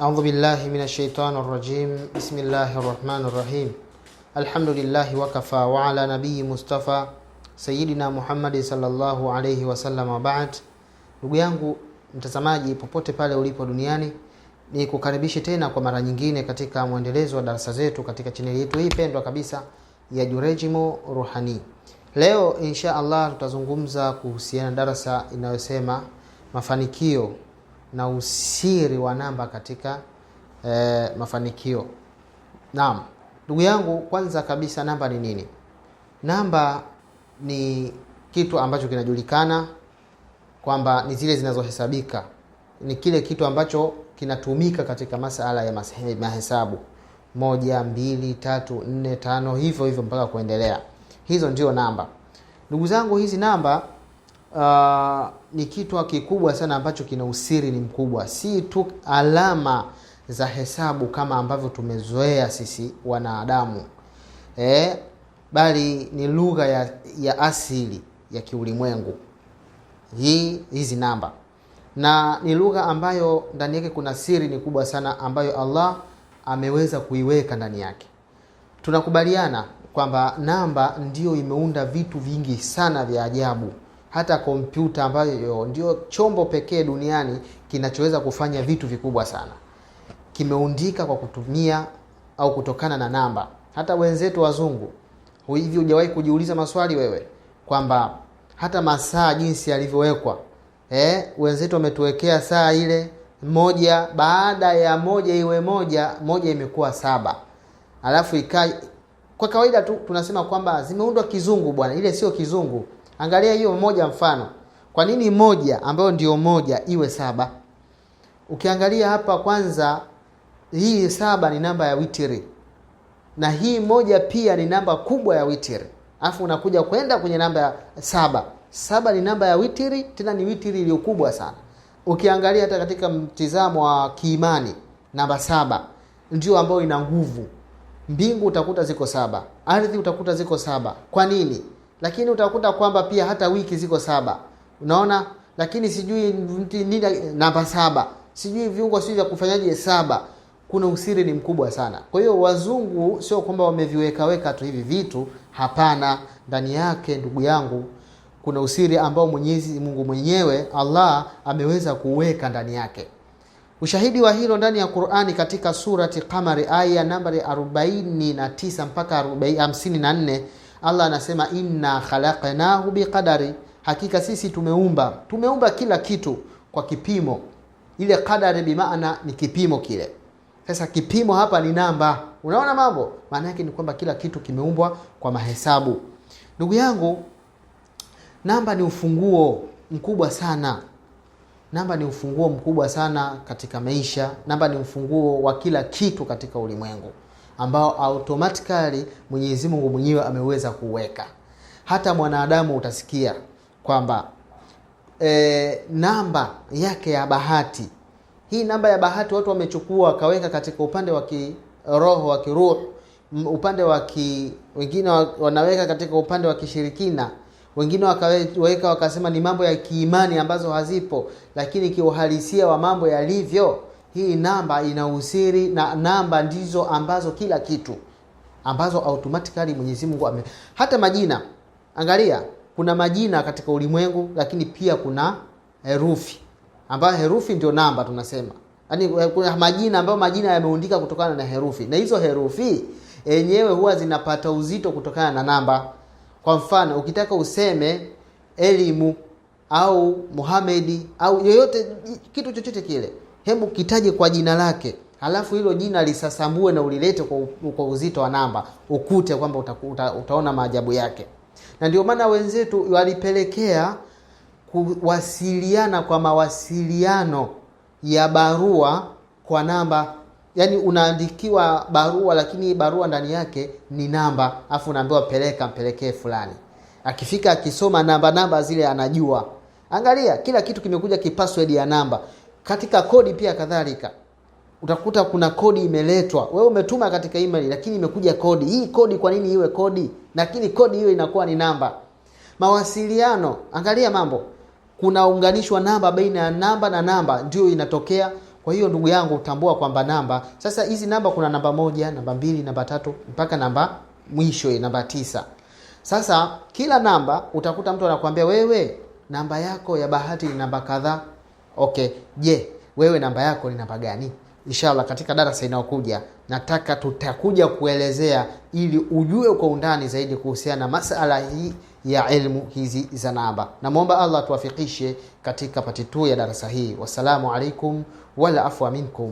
أعوذ بالله من الشيطان الرجيم بسم الله الرحمن الرحيم الحمد لله وكفى وعلى نبي مصطفى سيدنا صلى الله عليه وسلم وبعد Ndugu yangu mtazamaji, popote pale ulipo duniani, ni kukaribishe tena kwa mara nyingine katika mwendelezo wa darasa zetu katika chaneli yetu hii pendwa kabisa ya Jurejimo Ruhani. Leo insha Allah tutazungumza kuhusiana darasa inayosema mafanikio na usiri wa namba katika e, mafanikio. Naam, ndugu yangu, kwanza kabisa namba ni nini? Namba ni kitu ambacho kinajulikana kwamba ni zile zinazohesabika, ni kile kitu ambacho kinatumika katika masala ya mahesabu moja, mbili, tatu, nne, tano, hivyo hivyo mpaka kuendelea. Hizo ndio namba, ndugu zangu. Hizi namba uh, ni kitu kikubwa sana ambacho kina usiri ni mkubwa, si tu alama za hesabu kama ambavyo tumezoea sisi wanadamu eh, bali ni lugha ya, ya asili ya kiulimwengu hii hizi namba, na ni lugha ambayo ndani yake kuna siri ni kubwa sana ambayo Allah ameweza kuiweka ndani yake. Tunakubaliana kwamba namba ndiyo imeunda vitu vingi sana vya ajabu hata kompyuta ambayo ndio chombo pekee duniani kinachoweza kufanya vitu vikubwa sana, kimeundika kwa kutumia au kutokana na namba. Hata wenzetu wazungu, hivi hujawahi kujiuliza maswali wewe kwamba hata masaa jinsi yalivyowekwa eh? Wenzetu wametuwekea saa ile moja, baada ya moja iwe moja, moja imekuwa saba, alafu ikaa. Kwa kawaida tu tunasema kwamba zimeundwa kizungu bwana, ile sio kizungu. Angalia hiyo moja mfano. Kwa nini moja ambayo ndio moja iwe saba? Ukiangalia hapa kwanza, hii saba ni namba ya witiri na hii moja pia ni namba kubwa ya witiri, alafu unakuja kwenda kwenye namba ya saba. Saba ni namba ya witiri, tena ni witiri iliyo kubwa sana. Ukiangalia hata katika mtizamo wa kiimani, namba saba ndio ambayo ina nguvu. Mbingu utakuta ziko saba, ardhi utakuta ziko saba. Kwa nini? lakini utakuta kwamba pia hata wiki ziko saba, unaona, lakini sijui nini namba saba, sijui viungo sijui vya kufanyaje saba. Kuna usiri ni mkubwa sana. Kwa hiyo wazungu sio kwamba wameviwekaweka tu hivi vitu, hapana. Ndani yake ndugu yangu kuna usiri ambao Mwenyezi Mungu mwenyewe Allah ameweza kuweka ndani yake. Ushahidi wa hilo ndani ya Qur'ani katika surati kamari aya nambari 49 mpaka 54 Allah anasema inna khalaqnahu biqadari, hakika sisi tumeumba tumeumba kila kitu kwa kipimo. Ile qadari bimaana ni kipimo kile. Sasa kipimo hapa ni namba. Unaona mambo, maana yake ni kwamba kila kitu kimeumbwa kwa mahesabu. Ndugu yangu, namba ni ufunguo mkubwa sana namba ni ufunguo mkubwa sana katika maisha. Namba ni ufunguo wa kila kitu katika ulimwengu ambao automatically Mwenyezi Mungu mwenyewe ameweza kuweka. Hata mwanadamu utasikia kwamba e, namba yake ya bahati, hii namba ya bahati watu wamechukua wakaweka katika upande wa kiroho wa kiruhu upande wa ki, wengine wanaweka katika upande wa kishirikina wengine wakaweka wakasema ni mambo ya kiimani ambazo hazipo, lakini kiuhalisia wa mambo yalivyo hii namba ina usiri na namba ndizo ambazo kila kitu ambazo automatically Mwenyezi Mungu ame hata majina. Angalia, kuna majina katika ulimwengu, lakini pia kuna herufi ambayo herufi ndio namba tunasema, yaani eh, kuna majina ambayo majina yameundika kutokana na herufi, na hizo herufi yenyewe huwa zinapata uzito kutokana na namba. Kwa mfano, ukitaka useme elimu au Muhamedi au yoyote kitu chochote kile hebu kitaje kwa jina lake, halafu hilo jina lisasambue na ulilete kwa, kwa uzito wa namba, ukute kwamba uta, uta, utaona maajabu yake. Na ndio maana wenzetu walipelekea kuwasiliana kwa mawasiliano ya barua kwa namba yaani unaandikiwa barua lakini barua ndani yake ni namba, afu unaambiwa peleka, mpelekee fulani. Akifika akisoma namba namba zile anajua. Angalia, kila kitu kimekuja kipassword ya namba. Katika kodi pia kadhalika utakuta kuna kodi imeletwa, wewe umetuma katika email, lakini imekuja kodi. Hii kodi kwa nini iwe kodi? Lakini kodi hiyo inakuwa ni namba. Mawasiliano, angalia mambo, kunaunganishwa namba baina ya namba na namba, ndio inatokea. Kwa hiyo ndugu yangu, utambua kwamba namba sasa, hizi namba kuna namba moja, namba mbili, namba tatu mpaka namba mwisho eh, namba tisa. Sasa kila namba utakuta mtu anakuambia wewe, namba yako ya bahati ni namba kadhaa. Okay, je, yeah. Wewe namba yako ni namba gani? Inshallah katika darasa inayokuja nataka tutakuja kuelezea ili ujue kwa undani zaidi kuhusiana na masala hii ya ilmu hizi za namba. Namwomba Allah tuwafikishe katika pati tu ya darasa hii. Wassalamu alaikum wala afwa minkum.